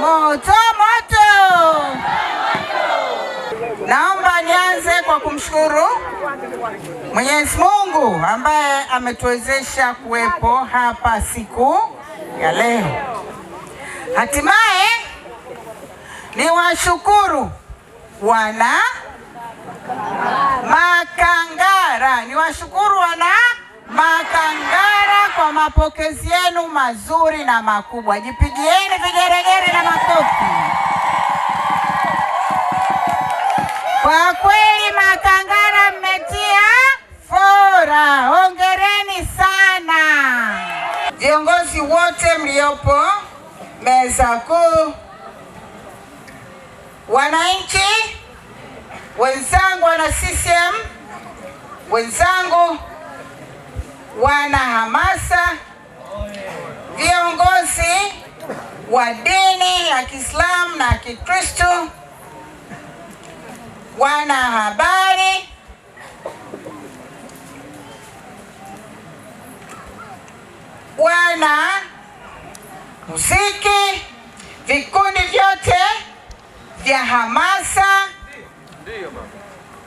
Moto moto! Naomba nianze kwa kumshukuru Mwenyezi Mungu ambaye ametuwezesha kuwepo hapa siku ya leo. Hatimaye ni washukuru wana Makangara, ni washukuru wana Makangara kwa mapokezi yenu mazuri na makubwa. Jipigieni vigeregere na makofi. Kwa kweli Makangara mmetia fora. Hongereni sana. Viongozi wote mliopo meza kuu, wananchi wenzangu, wana CCM wenzangu wana hamasa, viongozi wa dini ya Kiislamu na Kikristo, wana habari, wana muziki, vikundi vyote vya hamasa,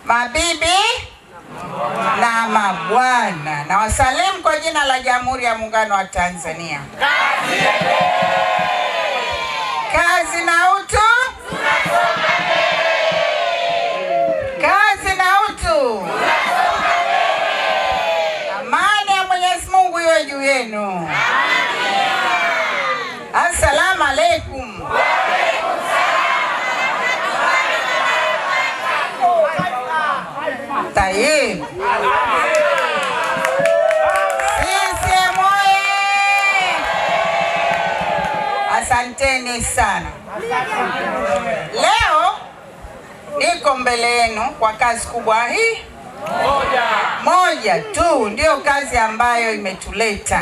mabibi na mabwana, na wasalimu kwa jina la Jamhuri ya Muungano wa Tanzania. Kazi, kazi na utu, kazi na utu. Amani ya Mwenyezi Mungu iwe juu yenu. Asanteni sana. Leo niko mbele yenu kwa kazi kubwa hii moja, moja tu ndiyo kazi ambayo imetuleta,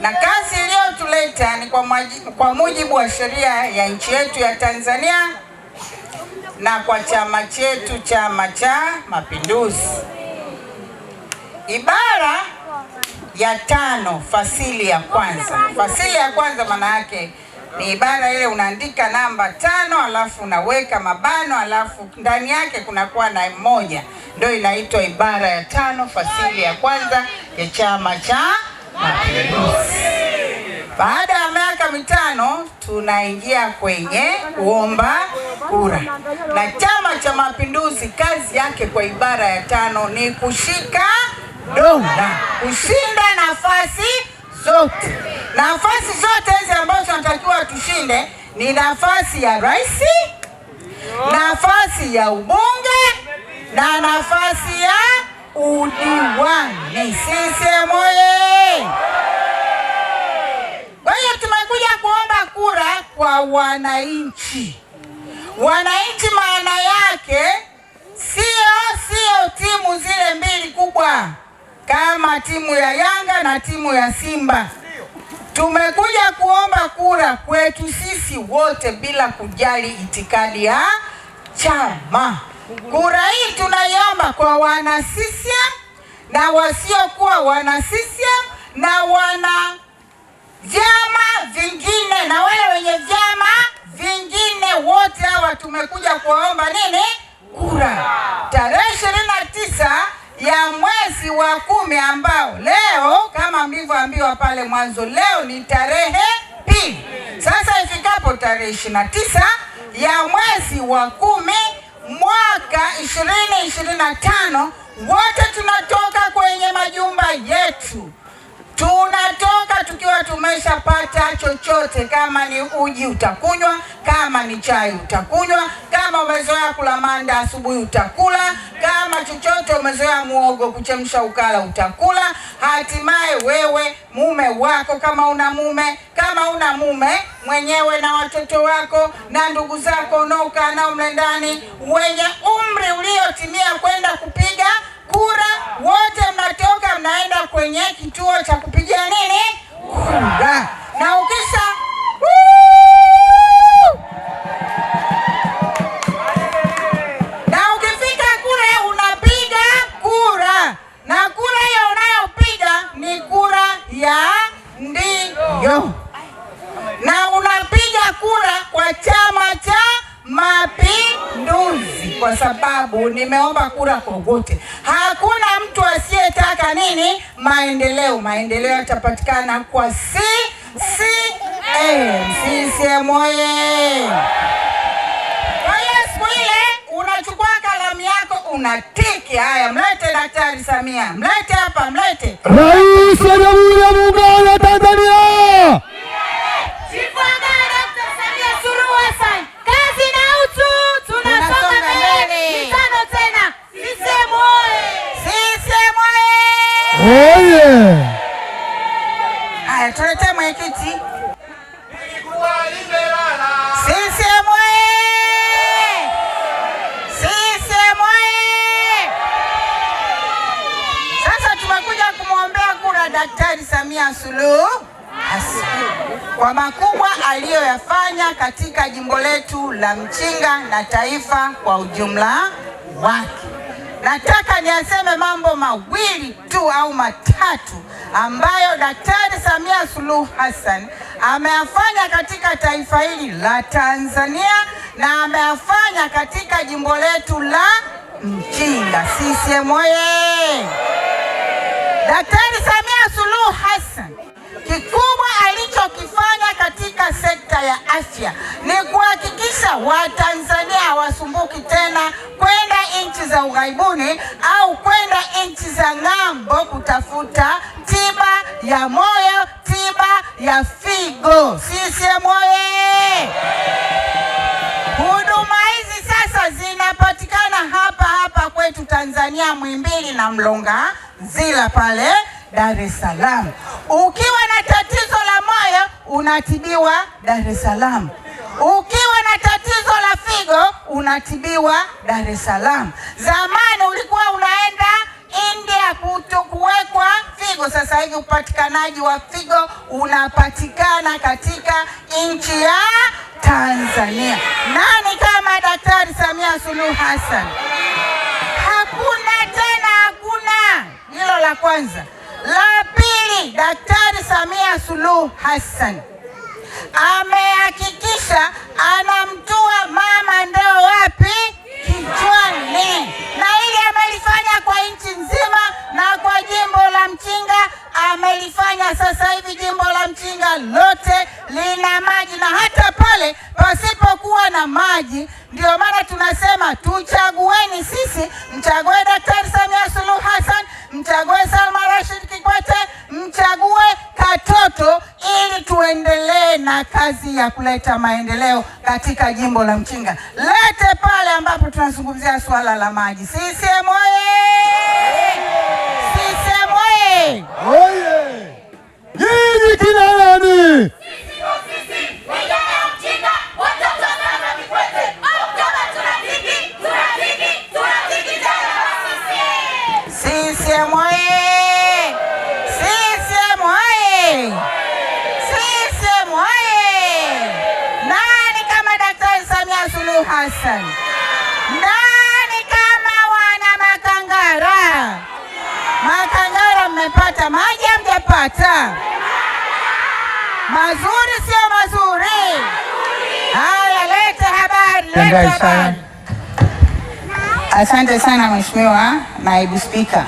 na kazi iliyotuleta ni kwa, kwa mujibu wa sheria ya nchi yetu ya Tanzania na kwa chama chetu Chama cha Mapinduzi ibara ya tano fasili ya kwanza. Fasili ya kwanza maana yake ni ibara ile unaandika namba tano alafu unaweka mabano alafu ndani yake kunakuwa na moja, ndio inaitwa ibara ya tano fasili ya kwanza ya Chama cha Mapinduzi. Baada ya miaka mitano tunaingia kwenye kuomba kura, na Chama cha Mapinduzi kazi yake kwa ibara ya tano ni kushika Dodoma ushinde nafasi zote. Nafasi zote hizi ambazo tunatakiwa tushinde ni nafasi ya rais, nafasi ya ubunge na nafasi ya udiwani. Sisi oye Kwa hiyo tumekuja kuomba kura kwa wananchi. Wananchi maana yake sio sio timu zile mbili kubwa kama timu ya Yanga na timu ya Simba tumekuja kuomba kura kwetu sisi wote bila kujali itikadi ya chama. Kura hii tunaiomba kwa wana CCM na wasiokuwa wana CCM na wana vyama vingine na wale wenye vyama vingine, wote hawa tumekuja kuwaomba nini? Kura tarehe ishirini na tisa ya mwezi wa kumi ambao leo kama mlivyoambiwa pale mwanzo, leo ni tarehe pili. Sasa ifikapo tarehe ishirini na tisa ya mwezi wa kumi mwaka 2025 wote tunatoka kwenye majumba yetu tunatoka tukiwa tumeshapata chochote, kama ni uji utakunywa, kama ni chai utakunywa, kama umezoea kula manda asubuhi utakula, kama chochote umezoea muogo kuchemsha ukala utakula. Hatimaye wewe mume wako, kama una mume, kama una mume mwenyewe na watoto wako na ndugu zako unaokaa nao mle ndani wenye umri uliotimia kwenda kupiga kura, wote mnatoka mnaenda kwenye kituo cha kupigia nini kura, na ukisha na unapiga kura kwa Chama cha Mapinduzi, kwa sababu nimeomba kura kogote. Hakuna mtu asiyetaka nini? Maendeleo. Maendeleo yatapatikana kwa CCM. CCM oye! Kwa hiyo siku ile unachukua kalamu yako unatiki, haya, mlete Daktari Samia, mlete hapa, mlete Rais wa Jamhuri ya Muungano wa Tanzania. Haya, tuletee mwenyekiti. Sasa tumekuja kumwombea kura Daktari Samia Suluhu kwa makubwa aliyoyafanya katika jimbo letu la Mchinga na taifa kwa ujumla wake. Nataka niaseme mambo mawili tu au matatu ambayo Daktari Samia Suluhu Hassan ameyafanya katika taifa hili la Tanzania na ameyafanya katika jimbo letu la Mchinga. CCM oyee! Daktari Samia Suluhu Hassan Kikubwa alichokifanya katika sekta ya afya ni kuhakikisha Watanzania hawasumbuki tena kwenda nchi za ughaibuni au kwenda nchi za ng'ambo kutafuta tiba ya moyo, tiba ya figo. CCM oye! Huduma hizi sasa zinapatikana hapa hapa kwetu Tanzania, Mwimbili na Mlonga Zila pale Dar es Salaam. Ukiwa na tatizo la moyo unatibiwa Dar es Salaam. Ukiwa na tatizo la figo unatibiwa Dar es Salaam. Zamani ulikuwa unaenda India kutokuwekwa figo, sasa hivi upatikanaji wa figo unapatikana katika nchi ya Tanzania. Nani kama Daktari Samia Suluhu Hassan? Hakuna tena, hakuna. Hilo la kwanza. La pili, Daktari Samia Suluhu Hassan amehakikisha anamtua mama ndoo wapi? Kichwani. Na hili amelifanya kwa nchi nzima na kwa jimbo la Mchinga amelifanya sasa hivi jimbo la Mchinga lote lina maji, na hata pale pasipokuwa na maji, ndio maana tunasema tuchagueni sisi, mchague Daktari Samia Suluhu Hassan, mchague Salma Rashid Kikwete, mchague Katoto ili tuendelee na kazi ya kuleta maendeleo katika jimbo la Mchinga lete, pale ambapo tunazungumzia swala la maji. CCM oye! Oye! Nyinyi kina Sisi kwa sisi. Mata mazuri, sio mazuri? Haya, leta habari, leta habari. Asante sana Mheshimiwa Naibu Spika.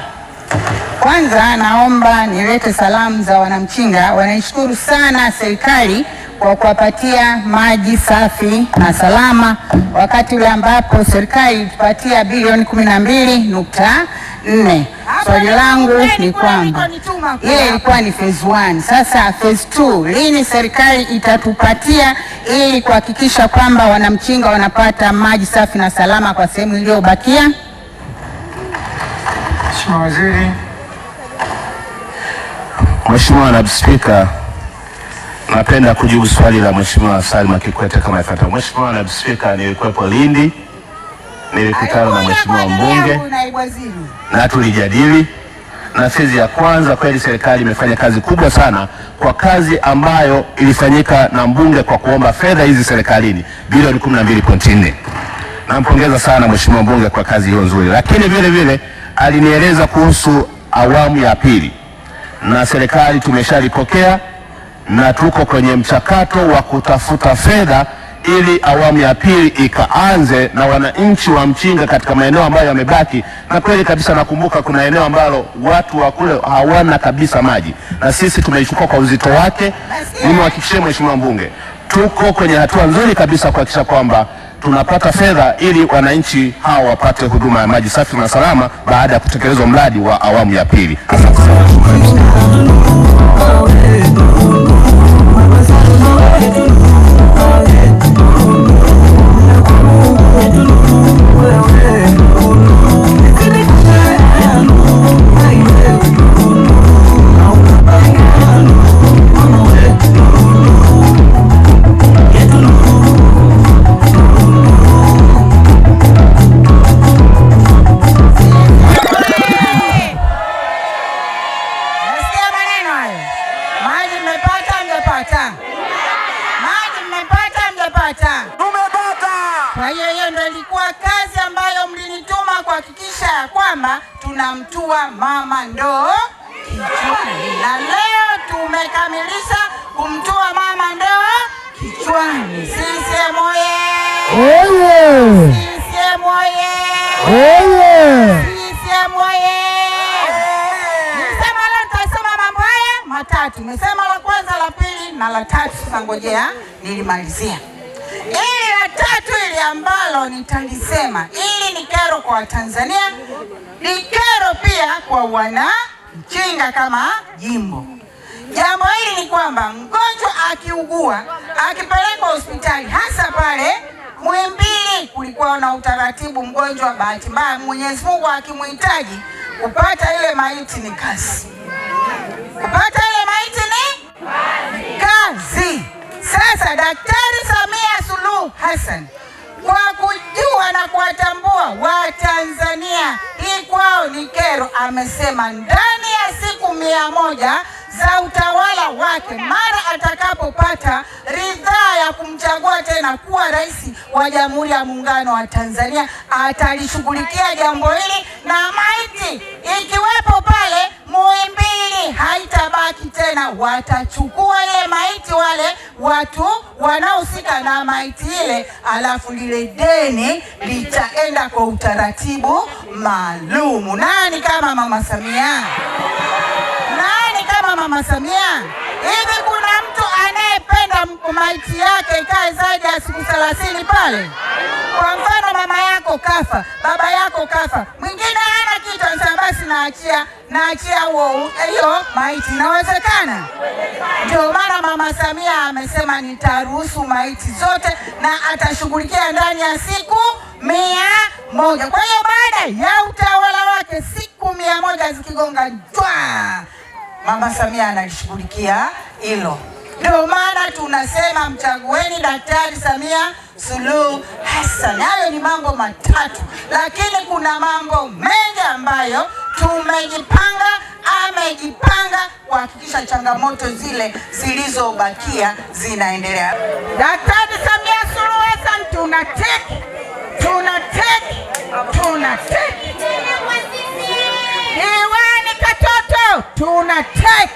Kwanza naomba nilete salamu za wanamchinga. Wanaishukuru sana serikali kwa kuwapatia maji safi na salama, wakati ule ambapo serikali ilitupatia bilioni kumi na mbili nukta nne. Swali langu ni kwamba ile ilikuwa ni phase 1, sasa phase 2 lini serikali itatupatia ili kuhakikisha kwamba wanamchinga wanapata maji safi na salama kwa sehemu iliyobakia? Mheshimiwa Waziri. Mheshimiwa Naibu Spika, Napenda kujibu swali la Mheshimiwa Salma Kikwete kama ifuatavyo. Mheshimiwa Naibu Spika, nilikuwepo Lindi, nilikutana na Mheshimiwa mbunge na tulijadili, na sisi ya kwanza kweli serikali imefanya kazi kubwa sana kwa kazi ambayo ilifanyika na mbunge kwa kuomba fedha hizi serikalini bilioni 12.4. Nampongeza sana Mheshimiwa mbunge kwa kazi hiyo nzuri, lakini vile vile alinieleza kuhusu awamu ya pili na serikali tumeshalipokea na tuko kwenye mchakato wa kutafuta fedha ili awamu ya pili ikaanze na wananchi wa Mchinga katika maeneo ambayo yamebaki. Na kweli kabisa, nakumbuka kuna eneo ambalo watu wa kule hawana kabisa maji, na sisi tumeichukua kwa uzito wake. Nimhakikishie Mheshimiwa Mbunge, tuko kwenye hatua nzuri kabisa kuhakikisha kwamba tunapata fedha ili wananchi hawa wapate huduma ya maji safi na salama baada ya kutekelezwa mradi wa awamu ya pili. ambalo nitalisema, ili ni kero kwa Watanzania, ni kero pia kwa wana mchinga kama jimbo. Jambo hili ni kwamba mgonjwa akiugua, akipelekwa hospitali, hasa pale Muhimbili kulikuwa na utaratibu, mgonjwa bahati mbaya, Mwenyezi Mungu akimhitaji kupata ile maiti ni kazi, kupata ile maiti ni kazi. Sasa Daktari Samia Suluhu Hassan kwa kujua na kuwatambua Watanzania hii kwao ni kero. Amesema ndani ya siku mia moja za utawala wake mara atakapopata ridhaa ya kumchagua tena kuwa rais wa Jamhuri ya Muungano wa Tanzania, atalishughulikia jambo hili na maiti ikiwepo pale Muhimbili haitabaki tena, watachukua ile maiti wale watu wanaohusika na maiti ile, alafu lile deni litaenda kwa utaratibu maalumu. Nani kama Mama Samia? Nani kama Mama Samia? Hivi kuna mtu anayependa maiti yake ikae zaidi ya siku thelathini pale? Kwa mfano mama yako kafa, baba yako kafa, mwingine hana kitu, anasema basi naachia naachia huo hiyo maiti. Inawezekana. Ndio maana Mama Samia amesema nitaruhusu maiti zote na atashughulikia ndani ya siku mia moja. Kwa hiyo baada ya utawala wake siku mia moja zikigonga jwaa Mama Samia analishughulikia hilo. Ndio maana tunasema mchagueni Daktari Samia Suluhu Hassan. Hayo ni mambo matatu, lakini kuna mambo mengi ambayo tumejipanga, amejipanga kuhakikisha changamoto zile zilizobakia zinaendelea. Daktari Samia Suluhu Hassan, tuna teki, tuna tuna tuna take,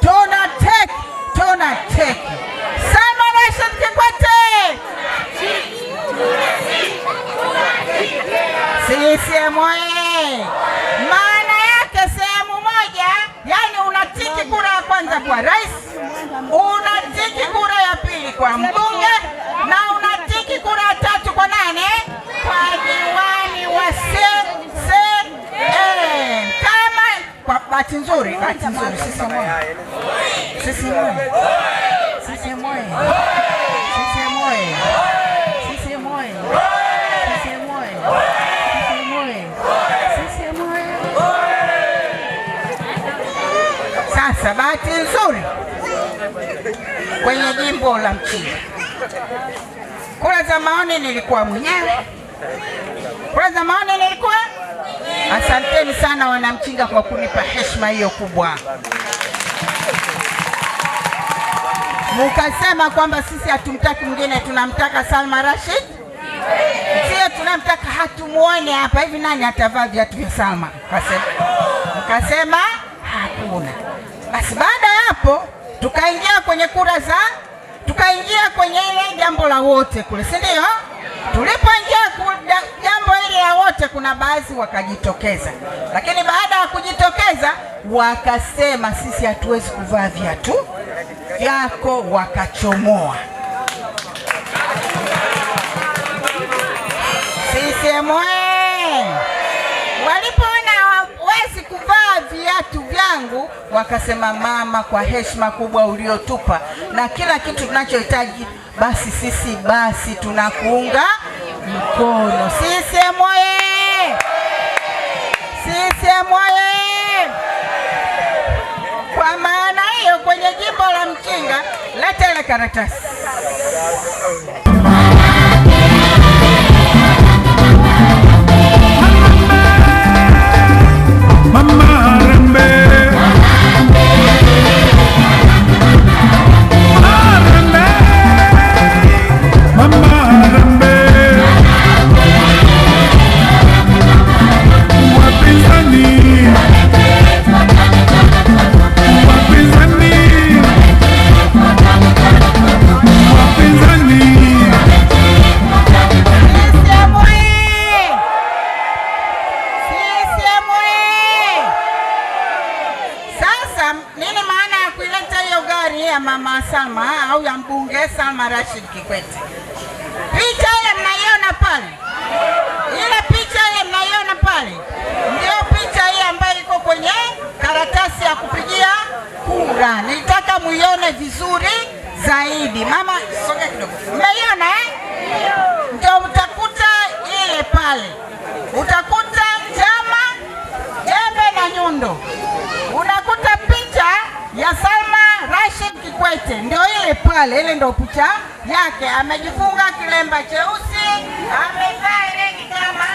tuna take, tuna take. Sema Rais Kikwete, CCM Maana yake sehemu moja, yani unatiki kura ya kwanza kwa rais, unatiki kura ya pili kwa mbunge Bahati nzuri, bahati nzuri sisi moyo. sisi moyo. sisi moyo Sisi Sisi Sisi Sisi Sisi moyo. moyo. moyo. moyo. moyo. sasa, bahati nzuri kwenye jimbo la Mchina, kura za maoni nilikuwa mwenyewe, kura za maoni nilikuwa Asanteni sana Wanamchinga kwa kunipa heshima hiyo kubwa. Mukasema kwamba sisi hatumtaki mwingine, tunamtaka Salma Rashid. Sio tunamtaka, hatumuone hapa hivi. Nani atavaa viatu vya Salma? Mkasema hakuna. Basi baada ya hapo tukaingia kwenye kura za tukaingia kwenye ile jambo la wote kule, si ndio? Tulipoingia mipango ile ya wote, kuna baadhi wakajitokeza, lakini baada ya kujitokeza wakasema sisi hatuwezi kuvaa viatu vyako, wakachomoa sisiemu Walipoona hawawezi kuvaa viatu vyangu, wakasema mama, kwa heshima kubwa uliotupa na kila kitu tunachohitaji, basi sisi basi tunakuunga mkono. Sisi moye! Sisi moye! Kwa maana hiyo, kwenye jimbo la Mchinga letele karatasi San Marashi Kikwete. ndo picha yake, amejifunga kilemba cheusi, amevaa iringi kama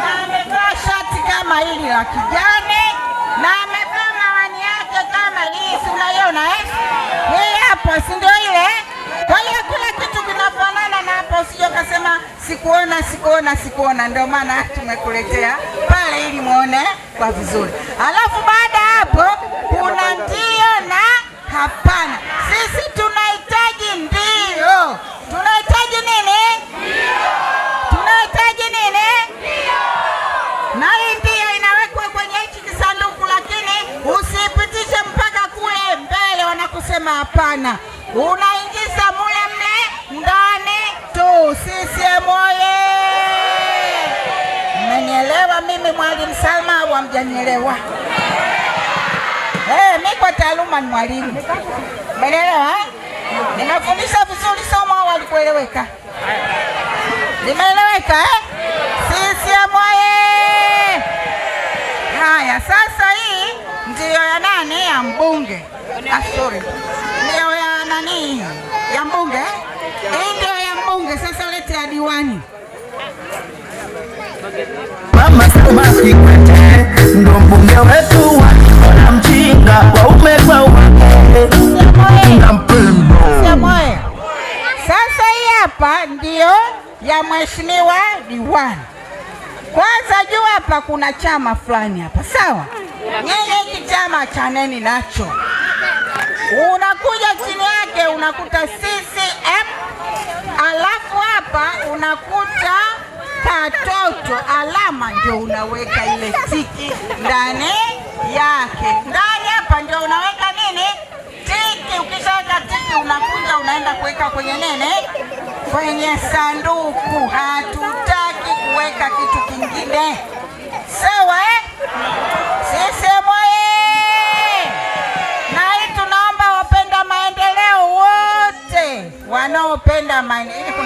na amevaa shati kama hili la kijani, na amevaa mawani yake kama hii, si unaiona eh? Hii hapo, si ndio ile? Eh? Kwa hiyo kila kitu kinafanana na hapo, usije ukasema sikuona, sikuona, sikuona. Ndio maana tumekuletea pale ili muone kwa vizuri, alafu baada hapo kuna ndio na hapana. tena, unaingiza mule mle ndani tu. CCM oye! Mmenielewa mimi mwalimu Salma au hamjanielewa? Hey, eh, mi kwa taaluma ni mwalimu, mmenielewa eh? Nimefundisha vizuri somo au alikueleweka? Limeeleweka eh? CCM oye! Haya, sasa hii ndiyo ya nani? Ya mbunge. Asori. Ah, nani ya mbunge ndio ya mbunge. Sasa lete ya diwani Mama Salma Kikwete ndo mbunge wetu wa Kigoma Mchinga, waume kwa wake. Sasa hii hapa ndio ya mheshimiwa diwani. Kwanza juu hapa kuna chama fulani hapa, sawa? Nyinyi hiki chama chaneni nacho unakuja chini yake unakuta CCM, alafu hapa unakuta katoto alama, ndio unaweka ile tiki ndani yake, ndani hapa ndio unaweka nini tiki. Ukishaweka tiki, unakuja unaenda kuweka kwenye nene, kwenye sanduku. Hatutaki kuweka kitu kingine.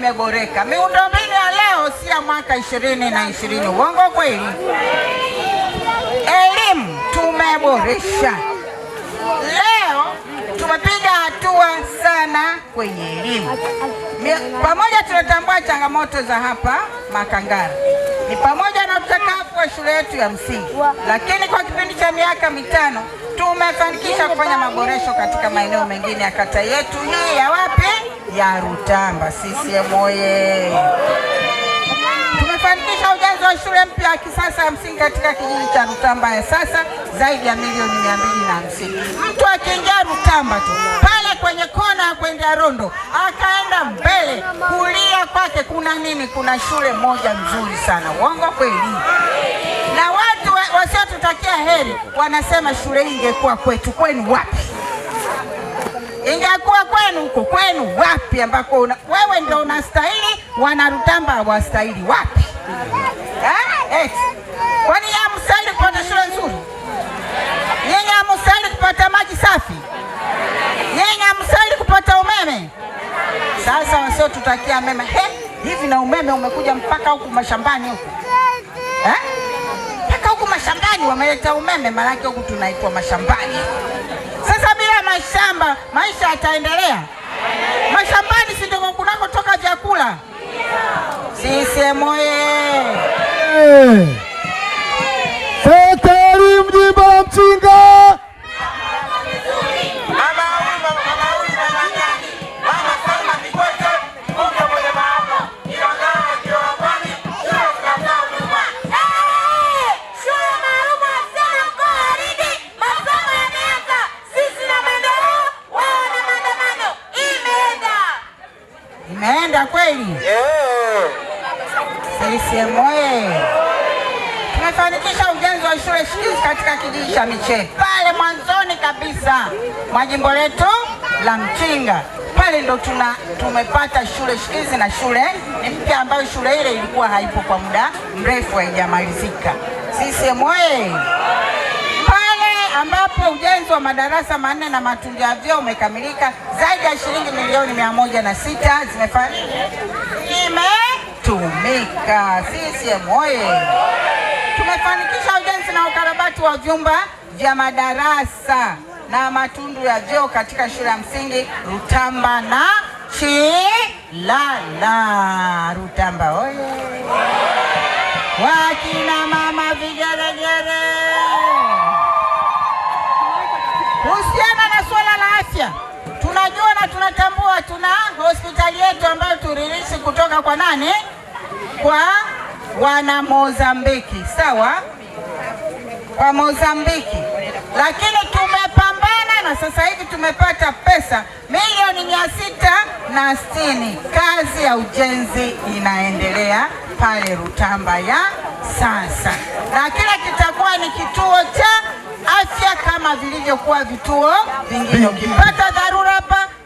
imeboreka. Miundombinu ya leo si ya mwaka ishirini na ishirini. Uongo kweli? Elimu tumeboresha, leo tumepiga hatua sana kwenye elimu. Pamoja tunatambua changamoto za hapa makangara ni pamoja na utakavu wa shule yetu ya msingi, lakini kwa kipindi cha miaka mitano tumefanikisha kufanya maboresho katika maeneo mengine ya kata yetu hii ya wapi ya Rutamba. CCM oye! Tumefanikisha ujenzi wa shule mpya ya kisasa ya msingi katika kijiji cha Rutamba ya sasa zaidi ya milioni mia mbili na hamsini. Mtu akiingia Rutamba tu pale kwenye kona ya kuendea Rondo akaenda mbele kulia kwake kuna nini? Kuna shule moja nzuri sana. Uongo kweli? Na watu wasiotutakia heri wanasema shule hii ingekuwa kwetu. Kwenu wapi? Ingakuwa kwenu huko kwenu wapi, ambako wewe ndio unastahili, wanarutamba wastahili wapi? Eh, eh? kwani yeye hamstahili kupata shule nzuri? Yeye amstahili kupata maji safi? Yeye amstahili kupata umeme? Sasa wasiotutakia mema, hivi na umeme umekuja mpaka huku mashambani huku eh? mpaka huku mashambani wameleta umeme, maanake huku tunaitwa mashambani sasa shamba, maisha yataendelea mashambani, si ndiko kunakotoka vyakula. CCM oye! Sekeli eh. Mjimba Mchinga kweli sisiemu. Tumefanikisha ujenzi wa shule shikizi katika kijiji cha Miche pale mwanzoni kabisa mwa jimbo letu la Mchinga pale ndo tuna tumepata shule shikizi na shule ni mpya ambayo shule ile ilikuwa haipo kwa muda mrefu haijamalizika. Sisiemu oye! ambapo ujenzi wa madarasa manne na matundu ya vyoo umekamilika. Zaidi ya shilingi milioni mia moja na sita zimetumika. CCM oye! Tumefanikisha ujenzi na ukarabati wa vyumba vya madarasa na matundu ya vyoo katika shule ya msingi Rutamba na Chilala. Rutamba oye! wakina tunatambua tuna hospitali yetu ambayo tulirithi kutoka kwa nani? Kwa wana Mozambiki, sawa, kwa Mozambiki, lakini tumepambana na sasa hivi tumepata pesa milioni mia sita na sitini. Kazi ya ujenzi inaendelea pale Rutamba ya sasa, na kile kitakuwa ni kituo cha afya kama vilivyokuwa vituo vingine. Ukipata dharura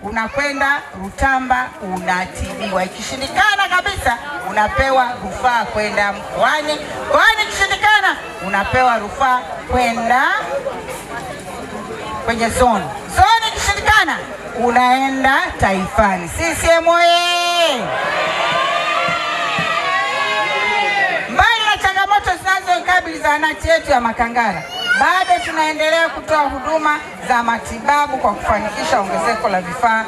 unakwenda Rutamba unatibiwa, ikishindikana kabisa unapewa rufaa kwenda mkoani, kwani ikishindikana unapewa rufaa kwenda kwenye zoni, zoni ikishindikana unaenda taifani. CCM oye Mbali na changamoto zinazoikabili zahanati yetu ya makangara bado tunaendelea kutoa huduma za matibabu kwa kufanikisha ongezeko la vifaa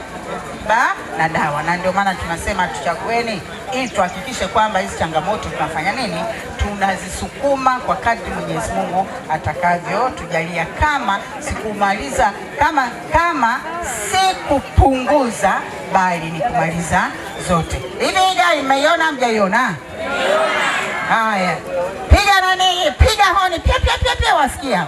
ba na dawa, na ndio maana tunasema tuchagueni, ili tuhakikishe kwamba hizi changamoto tunafanya nini, tunazisukuma kwa kadri Mwenyezi Mungu atakavyotujalia, kama sikumaliza kama kama sikupunguza, bali ni kumaliza zote. Hivi gari mmeiona, mjaiona? Haya, piga nani Unawasikia?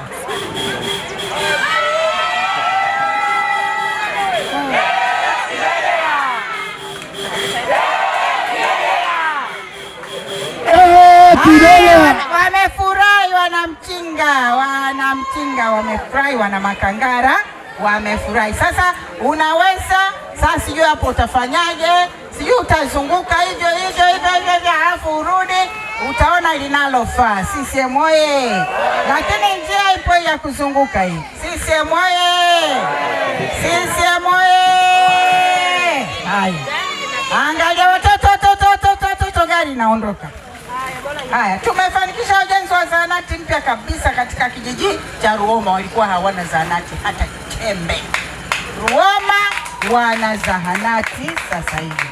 Eh, wamefurahi, wanamchinga, wanamchinga, wamefurahi, wana makangara, wamefurahi. Sasa unaweza sasa, sijui hapo utafanyaje, sijui utazunguka hivyo hivyo hivyo hivyo, halafu urudi utaona linalofaa. CCM oye! Lakini njia ipo ya kuzunguka hii. CCM oye! CCM oye! Haya, angalia watoto, toto gari naondoka Haya, tumefanikisha ujenzi wa zahanati mpya kabisa katika kijiji cha Ruoma. Walikuwa hawana zahanati hata kitembe. Ruoma wana zahanati sasa hivi.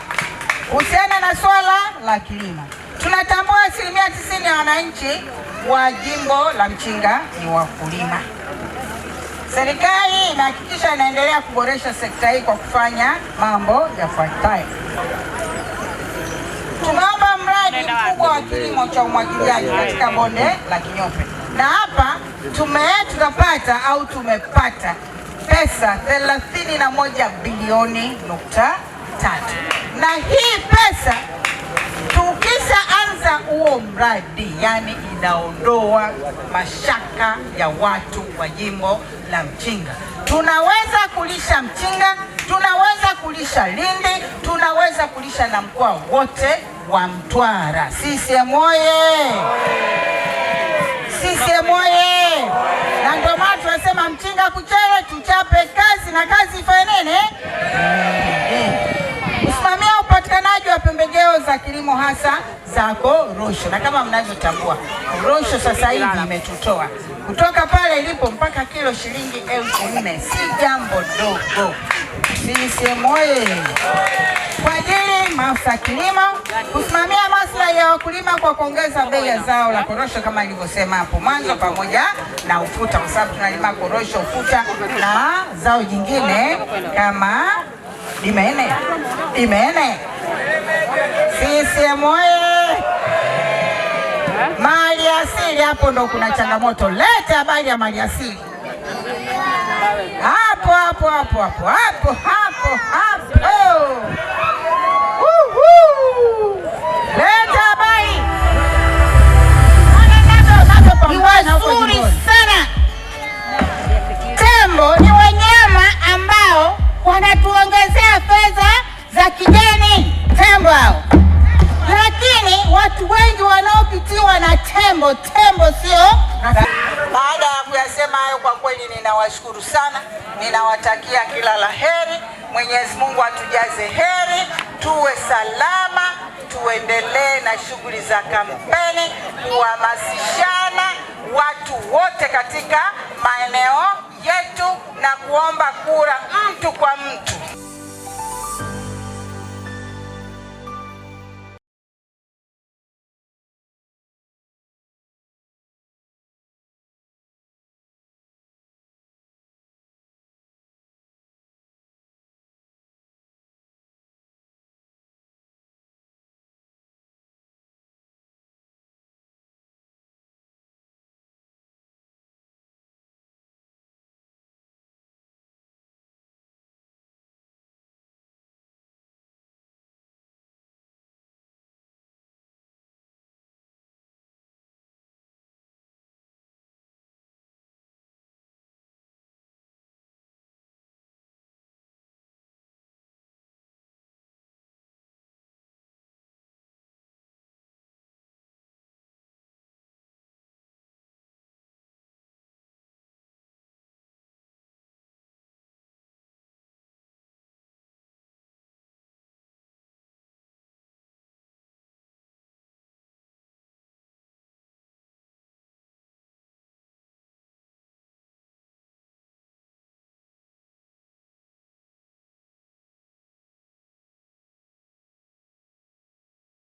Husiana na swala la kilimo Tunatambua asilimia tisini ya wananchi wa jimbo la Mchinga ni wakulima. Serikali inahakikisha inaendelea kuboresha sekta hii kwa kufanya mambo yafuatayo. Tumeomba mradi mkubwa wa kilimo cha umwagiliaji katika bonde la Kinyope, na hapa tume tutapata au tumepata pesa 31 bilioni nukta tatu, na hii pesa kumaliza huo mradi, yani inaondoa mashaka ya watu wa jimbo la Mchinga. Tunaweza kulisha Mchinga, tunaweza kulisha Lindi, tunaweza kulisha na mkoa wote wa Mtwara. CCM oye! CCM oye! Na ndio maana tunasema Mchinga kuchele, tuchape kazi na kazi ifanye nini? Kusimamia upatikanaji wa pembejeo za kilimo hasa zako Rosho, na kama mnavyotambua Rosho sasa hivi imetutoa kutoka pale ilipo mpaka kilo shilingi elfu nne si jambo dogo. Sisiemu oye! Kwa ajili maafisa kilimo kusimamia maslahi ya wakulima kwa kuongeza bei ya zao la korosho kama ilivyosema hapo mwanzo, pamoja na ufuta, kwa sababu tunalima korosho, ufuta na zao jingine kama imene dimene. Sisiemu oye! mali asili. Hapo ndo kuna changamoto. Leta habari ya mali asili hapo hapo hapo hapo hapo hapo hapo, leta habari. tembo, tembo sio. Baada ya kuyasema hayo, kwa kweli ninawashukuru sana, ninawatakia kila la heri. Mwenyezi Mungu atujaze heri, tuwe salama, tuendelee na shughuli za kampeni, kuhamasishana watu wote katika maeneo yetu na kuomba kura mtu kwa mtu.